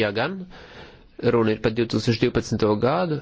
Ja gan runa ir par 2012. gadu,